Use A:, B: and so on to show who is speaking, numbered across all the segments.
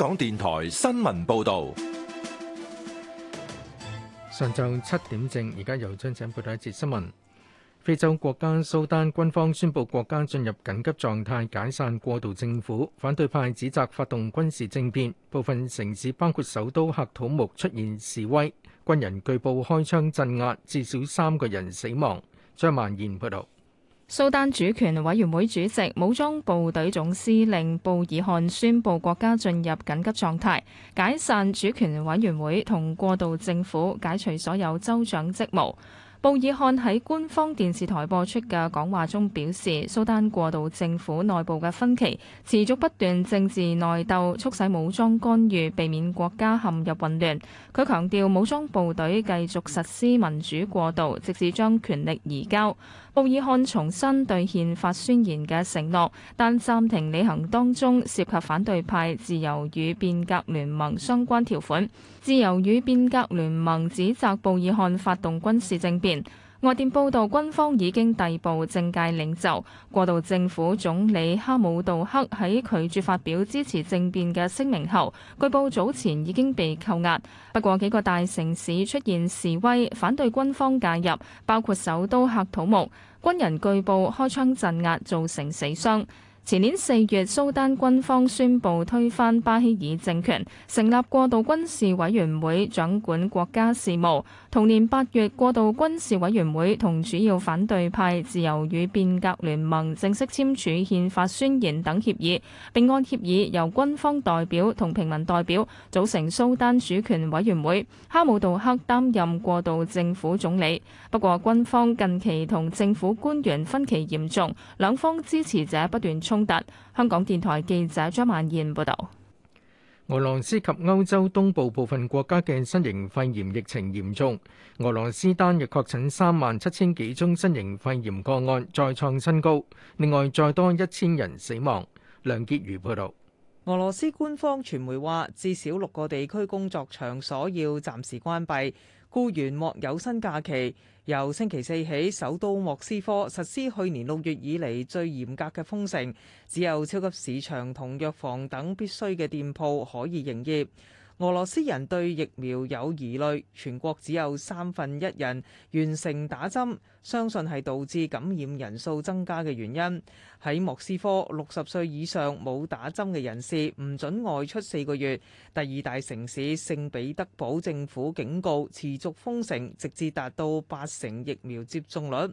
A: 香港電台新聞報道：上晝七點正，而家由張請播第一節新聞。非洲國家蘇丹軍方宣布國家進入緊急狀態，解散過渡政府。反對派指責發動軍事政變，部分城市包括首都喀土木出現示威，軍人據報開槍鎮壓，至少三個人死亡。張曼賢報道。
B: 蘇丹主權委員會主席、武裝部隊總司令布爾汗宣布國家進入緊急狀態，解散主權委員會同過渡政府，解除所有州長職務。布爾漢喺官方電視台播出嘅講話中表示，蘇丹過渡政府內部嘅分歧持續不斷，政治內鬥促使武裝干預，避免國家陷入混亂。佢強調武裝部隊繼續實施民主過渡，直至將權力移交。布爾漢重申對憲法宣言嘅承諾，但暫停履行當中涉及反對派自由與變革聯盟相關條款。自由與變革聯盟指責布爾漢發動軍事政變。外電報導，軍方已經逮捕政界領袖。過渡政府總理哈姆杜克喺拒絕發表支持政變嘅聲明後，據報早前已經被扣押。不過幾個大城市出現示威，反對軍方介入，包括首都喀土穆。軍人據報開槍鎮壓，造成死傷。前年四月，蘇丹軍方宣布推翻巴希爾政權，成立過渡軍事委員會掌管國家事務，同年八月，過渡軍事委員會同主要反對派自由與變革聯盟正式簽署憲法宣言等協議，並按協議由軍方代表同平民代表組成蘇丹主權委員會，哈姆杜克擔任過渡政府總理。不過軍方近期同政府官員分歧嚴重，兩方支持者不斷衝突。香港電台記者張曼燕報道。
A: 俄羅斯及歐洲東部部分國家嘅新型肺炎疫情嚴重。俄羅斯單日確診三萬七千幾宗新型肺炎個案，再創新高。另外，再多一千人死亡。梁潔如報道。
C: 俄羅斯官方傳媒話，至少六個地區工作場所要暫時關閉，僱員獲有薪假期。由星期四起，首都莫斯科實施去年六月以嚟最嚴格嘅封城，只有超級市場同藥房等必需嘅店鋪可以營業。俄羅斯人對疫苗有疑慮，全國只有三分一人完成打針，相信係導致感染人數增加嘅原因。喺莫斯科，六十歲以上冇打針嘅人士唔准外出四個月。第二大城市聖彼得堡政府警告持續封城，直至達到八成疫苗接種率。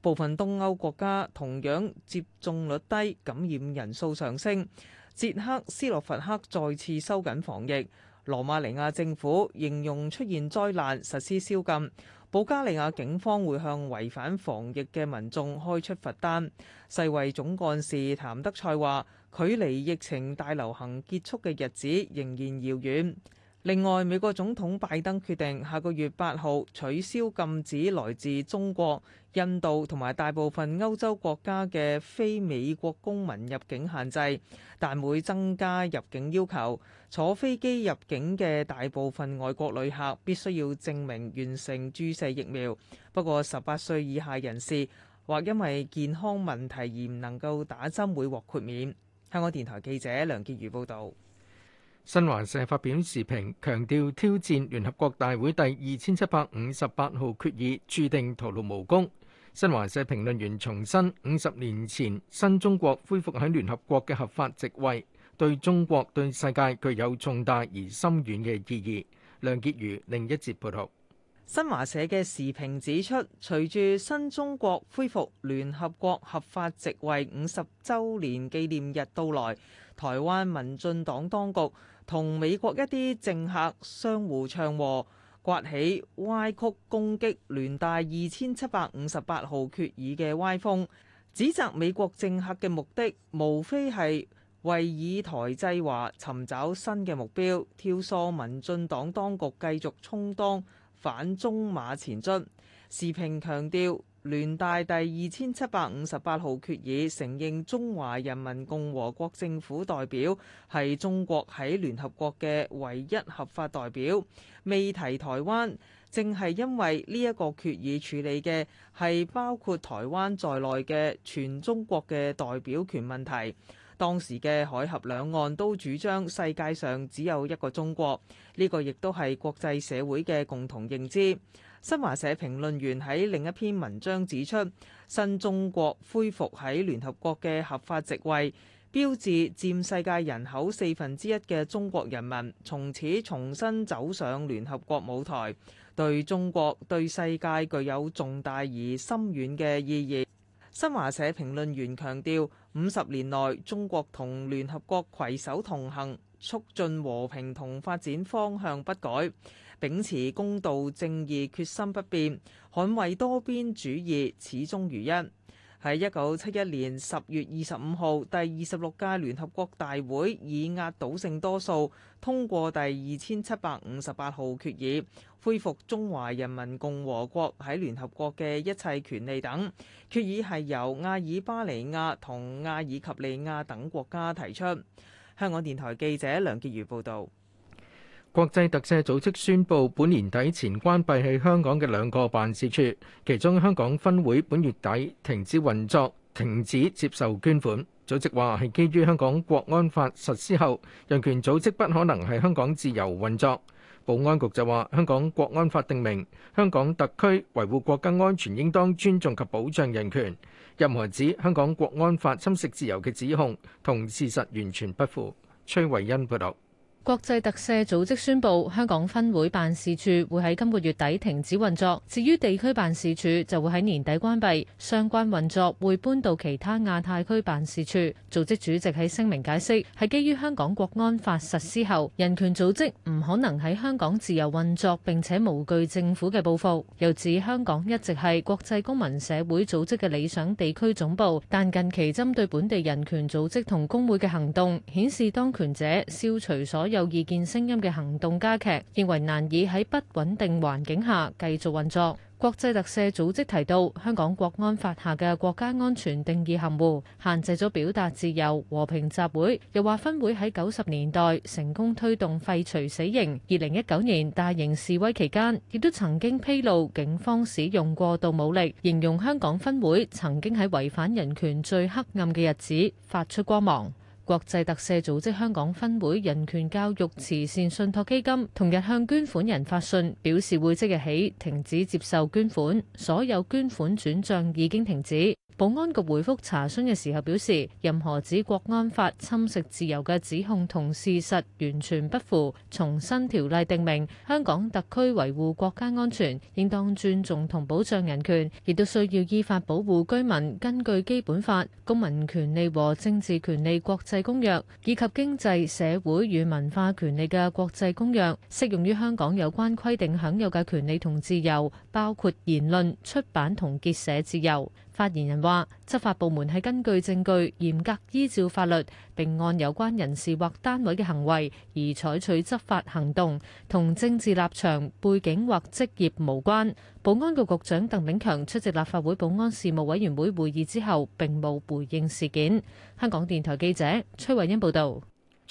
C: 部分東歐國家同樣接種率低，感染人數上升。捷克斯洛伐克再次收緊防疫。羅馬尼亞政府形容出現災難，實施宵禁。保加利亞警方會向違反防疫嘅民眾開出罰單。世衛總幹事譚德賽話：距離疫情大流行結束嘅日子仍然遙遠。另外，美國總統拜登決定下個月八號取消禁止來自中國、印度同埋大部分歐洲國家嘅非美國公民入境限制，但會增加入境要求。坐飛機入境嘅大部分外國旅客必須要證明完成注射疫苗，不過十八歲以下人士或因為健康問題而唔能夠
A: 打針會獲豁免。香港電台記者梁潔如報導。新華社發表時評，強調挑戰聯合國大會第二千七百五十八號決議，注定徒勞無功。新華社評論員重申，五十年前新中國恢復喺聯合國嘅合法席位，對中國對世界具有重大而深遠嘅意義。梁潔如另一節報道。
C: 新華社嘅時評指出，隨住新中國恢復聯合國合法席位五十週年紀念日到來，台灣民進黨當局同美國一啲政客相互唱和，刮起歪曲攻擊聯大二千七百五十八號決議嘅歪風，指責美國政客嘅目的無非係為以台制華尋找新嘅目標，挑唆民進黨當局繼續充當。反中馬前卒。時評強調，聯大第二千七百五十八號決議承認中華人民共和國政府代表係中國喺聯合國嘅唯一合法代表，未提台灣，正係因為呢一個決議處理嘅係包括台灣在內嘅全中國嘅代表權問題。當時嘅海峽兩岸都主張世界上只有一個中國，呢個亦都係國際社會嘅共同認知。新華社評論員喺另一篇文章指出，新中國恢復喺聯合國嘅合法席位，標誌佔世界人口四分之一嘅中國人民從此重新走上聯合國舞台，對中國對世界具有重大而深遠嘅意義。新華社評論員強調。五十年內，中國同聯合國攜手同行，促進和平同發展方向不改，秉持公道正義決心不變，捍衞多邊主義始終如一。喺一九七一年十月二十五號，第二十六屆聯合國大會以壓倒性多數通過第二千七百五十八號決議，恢復中華人民共和國喺聯合國嘅一切權利等。決議係由阿爾巴尼亞同阿爾及利亞等國家提出。香港電台記者梁潔如報導。
A: 國際特赦組織宣布，本年底前關閉喺香港嘅兩個辦事處，其中香港分會本月底停止運作，停止接受捐款。組織話係基於香港國安法實施後，人權組織不可能喺香港自由運作。保安局就話，香港國安法定明，香港特區維護國家安全，應當尊重及保障人權。任何指香港國安法侵蝕自由嘅指控，同事實完全不符。崔維恩報導。
D: 國際特赦組織宣布，香港分會辦事處會喺今個月底停止運作，至於地區辦事處就會喺年底關閉，相關運作會搬到其他亞太區辦事處。組織主席喺聲明解釋，係基於香港國安法實施後，人權組織唔可能喺香港自由運作，並且無懼政府嘅報復。又指香港一直係國際公民社會組織嘅理想地區總部，但近期針對本地人權組織同工會嘅行動，顯示當權者消除所有有意見聲音嘅行動加劇，認為難以喺不穩定環境下繼續運作。國際特赦組織提到，香港國安法下嘅國家安全定義含糊，限制咗表達自由、和平集會。又話分會喺九十年代成功推動廢除死刑，二零一九年大型示威期間，亦都曾經披露警方使用過度武力，形容香港分會曾經喺違反人權最黑暗嘅日子發出光芒。國際特赦組織香港分會人權教育慈善信託基金同日向捐款人發信，表示會即日起停止接受捐款，所有捐款轉賬已經停止。保安局回覆查詢嘅時候表示，任何指《國安法》侵蝕自由嘅指控同事實完全不符。重申條例定明，香港特區維護國家安全，應當尊重同保障人權，亦都需要依法保護居民。根據《基本法》、《公民權利和政治權利國際公約》以及《經濟、社會與文化權利嘅國際公約》適用於香港有關規定，享有嘅權利同自由，包括言論、出版同結社自由。發言人話：執法部門係根據證據，嚴格依照法律，並按有關人士或單位嘅行為而採取執法行動，同政治立場、背景或職業無關。保安局局長鄧炳強出席立法會保安事務委員會會議之後，並冇回應事件。香港電台記者崔慧欣報道。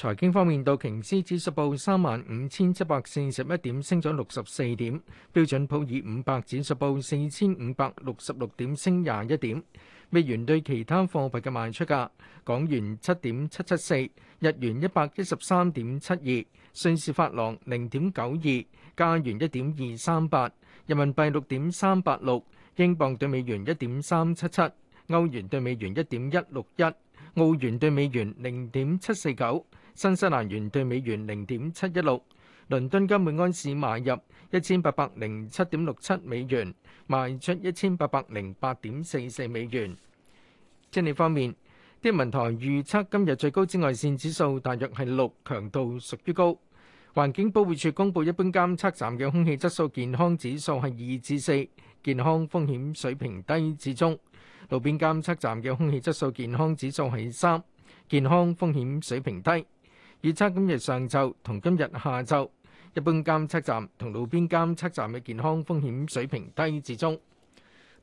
A: 財經方面，道瓊斯指數報三萬五千七百四十一點，升咗六十四點；標準普爾五百指數報四千五百六十六點，升廿一點。美元對其他貨幣嘅賣出價：港元七點七七四，日元一百一十三點七二，瑞士法郎零點九二，加元一點二三八，人民幣六點三八六，英鎊對美元一點三七七，歐元對美元一點一六一，澳元對美元零點七四九。新西蘭元對美元零點七一六，倫敦金每安士買入一千八百零七點六七美元，賣出一千八百零八點四四美元。天氣方面，天文台預測今日最高紫外線指數大約係六，強度屬於高。環境保護署公布一般監測站嘅空氣質素健康指數係二至四，健康風險水平低至中。路邊監測站嘅空氣質素健康指數係三，健康風險水平低。預測今日上晝同今日下晝，一般監測站同路邊監測站嘅健康風險水平低至中。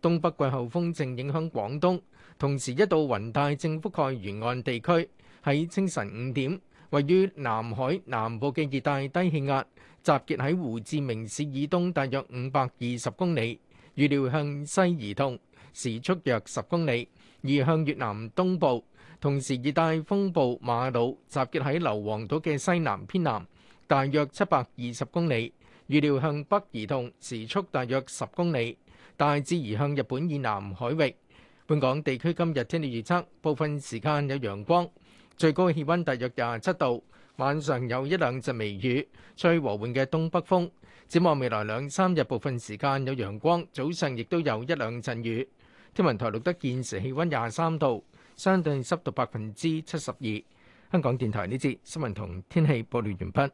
A: 東北季候風正影響廣東，同時一道雲帶正覆蓋沿岸地區。喺清晨五點，位於南海南部嘅熱帶低氣壓，集結喺胡志明市以東大約五百二十公里，預料向西移動，時速約十公里，移向越南東部。同時，熱帶風暴馬魯集結喺硫磺島嘅西南偏南，大約七百二十公里，預料向北移動，時速大約十公里，大致移向日本以南海域。本港地區今日天氣預測，部分時間有陽光，最高氣温大約廿七度，晚上有一兩陣微雨，吹和緩嘅東北風。展望未來兩三日，部分時間有陽光，早上亦都有一兩陣雨。天文台錄得現時氣温廿三度。相對濕度百分之七十二。香港電台呢節新聞同天氣播報完畢。